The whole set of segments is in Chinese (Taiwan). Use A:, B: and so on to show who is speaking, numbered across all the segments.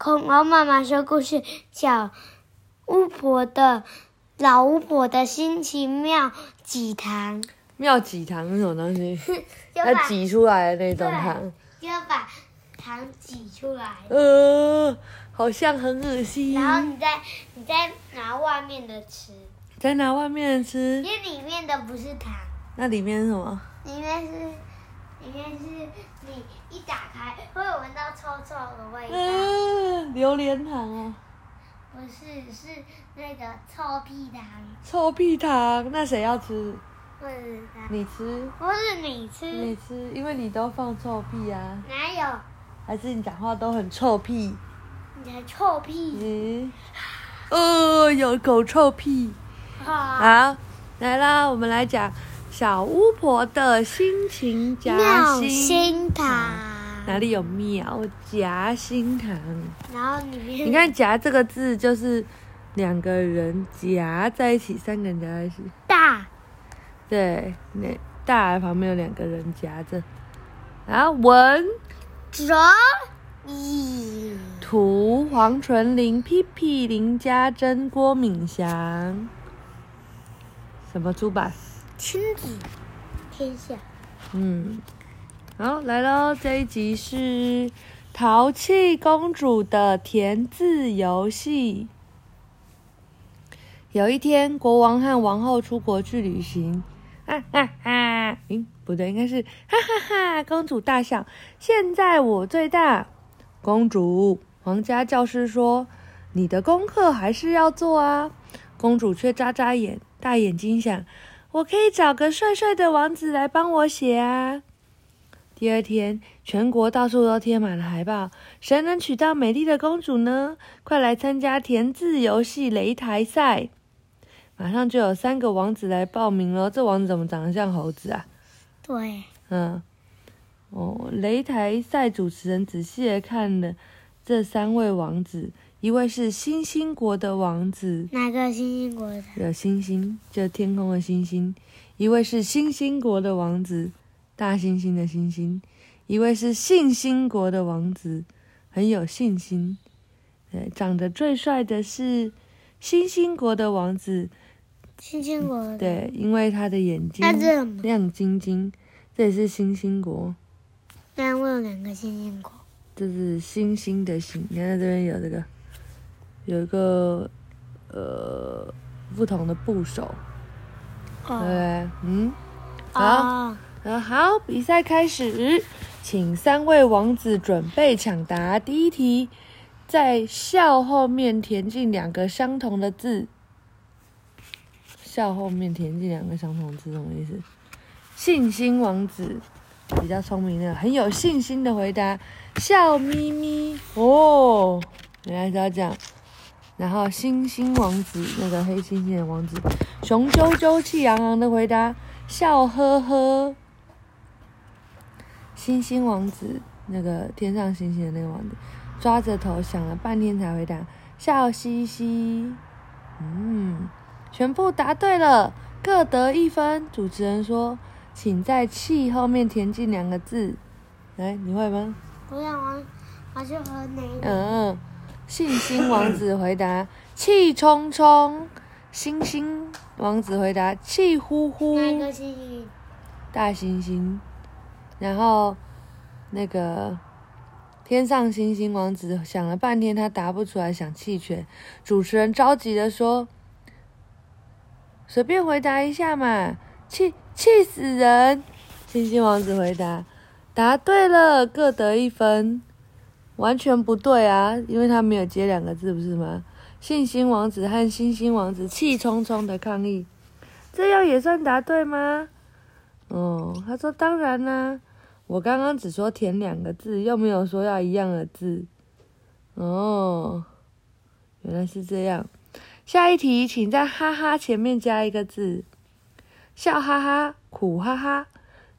A: 恐龍媽媽說故事，小巫婆的，老巫婆的心情妙擠糖。妙擠糖是什麼東西？把要擠出來的那種糖。就要把，把糖擠出來。呃，好像很噁心。然後你再你再拿外面的吃。再拿外面的吃。裡裡面的不是糖。那裡面是什麼？裡面是。裡面是你一打開會聞到臭臭的味道。嗯，榴蓮糖哦、啊。不是，是那個臭屁糖。臭屁糖？那誰要吃？我吃。你吃？不是你吃。你吃，因為你都放臭屁啊。哪有？還是你講話都很臭屁。你才臭屁！嗯。哦，有狗臭屁。好，啊、好，來啦，我們來講。小巫婆的心情夾心糖、啊，哪裡有妙夾心糖？然後你看夾這個字就是兩個人夾在一起，三個人夾在一起。大，對，那大旁邊有兩個人夾着。然後文哲也、圖著黃純玲、屁屁林，林家蓁、郭敏祥，什麼出版社？親子天下，嗯，好來嘍！這一集是《淘氣公主的填字遊戲》。有一天，國王和王后出國去旅行，哈哈哈，嗯，不對，應該是哈哈哈！公主大笑。現在我最大。公主，皇家教師說：“你的功課還是要做啊。”公主卻眨眨眼，大眼睛想。我可以找個帥帥的王子來幫我寫啊！第二天，全國到處都貼滿了海報，誰能娶到美麗的公主呢？快來參加填字遊戲擂台賽！馬上就有三個王子來報名了，這王子怎麼長得像猴子啊？對，嗯，哦，擂台賽主持人仔細的看了這三位王子。一位是星星國的王子，哪個星星國的？有星星，就天空的星星。一位是星星國的王子，大星星的星星。一位是信心國的王子，很有信心。對，長得最帥的是星星國的王子。星星國的？對，因為他的眼睛，他這亮晶晶。啊、這，這也是星星國。那我有兩個星星國。這是星星的星，你看這邊有這個。有一個呃不，不同的部首，oh. 對，對，嗯，oh. 好，好，比賽開始，請三位王子準備搶答第一題，在“笑”後面填進兩個相同的字，“笑”後面填進兩個相同的字什麼意思？信心王子比較聰明的，很有信心的回答：“笑眯眯。”哦，原來是要這樣。然後猩猩王子，那個黑猩猩的王子，雄赳赳氣昂昂的回答，笑呵呵。星星王子，那個天上星星的那個王子，抓着頭想了半天才回答，笑嘻嘻。嗯，全部答對了，各得一分。主持人說，請在“氣”後面填進兩個字，來，你會嗎？我想玩，想去和奶嗯。啊星星王子回答，氣沖沖；星星王子回答，氣呼呼。三個星星？大星星。然後，那個天上星星王子想了半天，他答不出來，想棄權。主持人着急的說：“隨便回答一下嘛，氣氣死人！”星星王子回答，答對了，各得一分。完全不對啊，因為他沒有接兩個字，不是嗎？信心王子和星星王子氣沖沖的抗議，這樣也算答對嗎？哦，他說當然啦、啊，我剛剛只說填兩個字，又沒有說要一樣的字。哦，原來是這樣。下一題，請在哈哈前面加一個字，笑哈哈、苦哈哈。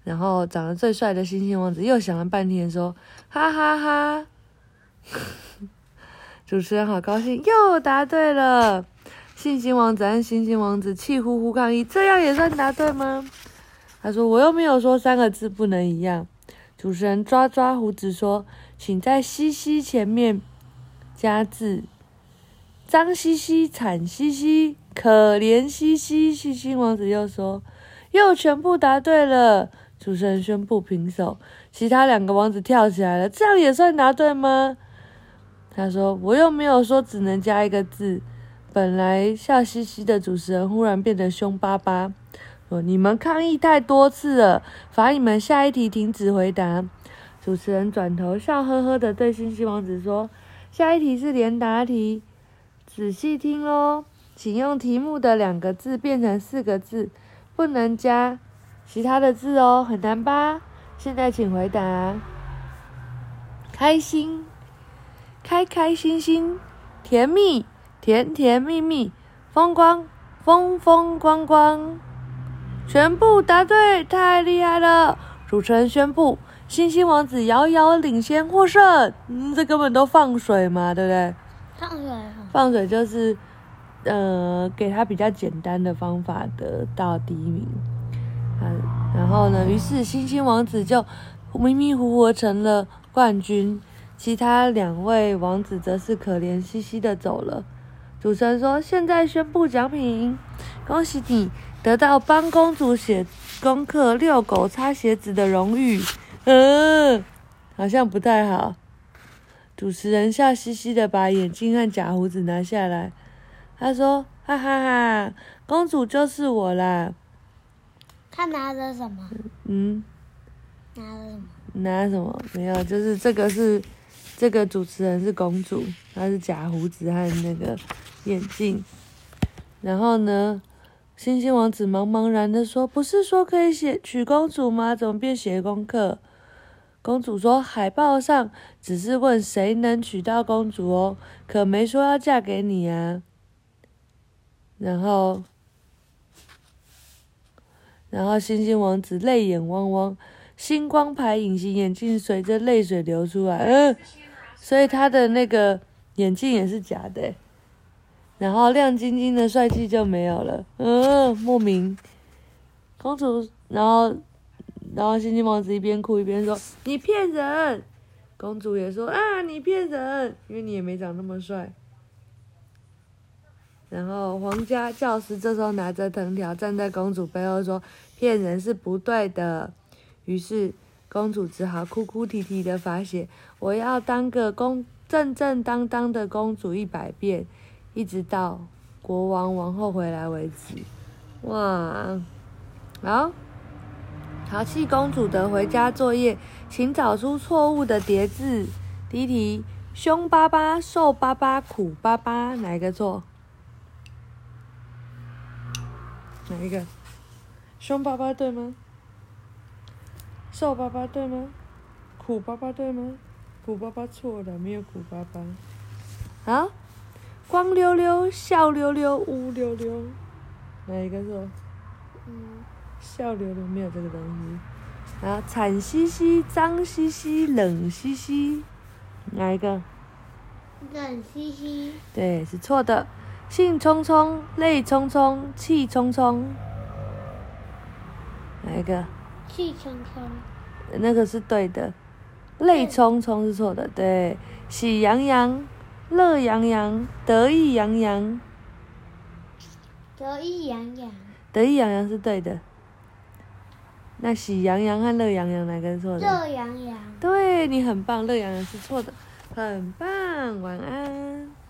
A: 然後長得最帥的星星王子又想了半天說，說哈哈哈。 主持人好高興，又答對了。信心王子和星星王子氣呼呼抗議：“這樣也算答對嗎？”他說：“我又沒有說三個字不能一樣。”主持人抓抓鬍子說：“請在‘兮兮’前面加字，髒兮兮、慘兮兮、可憐兮兮。”星星王子又說：“又全部答對了。”主持人宣布平手，其他兩個王子跳起來了。這樣也算答對嗎？他說：“我又沒有說只能加一個字。”本來笑嘻嘻的主持人忽然變得凶巴巴，說：“你們抗議太多次了，罰你們下一題停止回答。”主持人轉頭笑呵呵地對星星王子說：“下一題是連答題，仔細聽哦，請用題目的兩個字變成四個字，不能加其他的字哦，很難吧？現在請回答。”開心。開開心心，甜蜜，甜甜蜜蜜，風光，風風光光，全部答對，太厲害了！主持人宣布，星星王子遙遙領先獲勝。嗯，這根本都放水嘛，對不對？放水，放水就是，呃，給他比較簡單的方法得到第一名。嗯，然後呢，於是星星王子就迷迷糊糊成了冠軍。其他兩位王子則是可憐兮兮的走了。主持人說：“現在宣布獎品，恭喜你得到幫公主寫功課、遛狗、擦鞋子的榮譽。”呃，嗯，好像不太好。主持人笑嘻嘻的把眼鏡和假鬍子拿下來，他說：“哈哈哈，公主就是我啦！”看拿着什麼？嗯，拿着什麼？拿什麼？沒有，就是這個是。這個主持人是公主，她是假鬍子和那個眼鏡，然後呢，星星王子茫茫然的說：“不是說可以寫娶公主嗎？怎麼變寫功課？”公主說：“海報上只是問誰能娶到公主哦，可沒說要嫁給你啊。”然後，然後星星王子淚眼汪汪，星光牌隱形眼鏡隨着淚水流出來，嗯、呃。所以他的那個眼鏡也是假的欸，然後亮晶晶的帥氣就沒有了，嗯，莫名，公主，然後，然後新晉王子一邊哭一邊說：“你騙人！”公主也說：“啊，你騙人，因為你也沒長那麼帥。”然後皇家教師這時候拿着藤條站在公主背後說：“騙人是不對的。”於是。公主只好哭哭啼啼的發洩，「我要當個公正正當當的公主一百遍，一直到國王王后回來為止。」哇！好，淘氣公主的回家作業，請找出錯誤的疊字。第一題：凶巴巴、瘦巴巴、苦巴巴，哪個錯？哪一個？凶巴巴對嗎？皺巴巴對嗎？苦巴巴對嗎？苦巴巴錯了，沒有苦巴巴。啊？光溜溜，笑溜溜，烏溜溜。哪一個是？嗯，笑溜溜沒有這個東西。啊，慘兮兮，髒兮兮，冷兮兮。哪一個？冷兮兮。對，是錯的。興沖沖，淚沖沖，氣沖沖。哪一個？氣沖沖。那個是對的，淚沖沖是錯的。對，喜洋洋、樂洋洋、得意洋洋，得意洋洋，得意洋洋是對的。那喜洋洋和樂洋洋哪個是錯的？樂洋洋，對，你很棒，樂洋洋是錯的，很棒，晚安。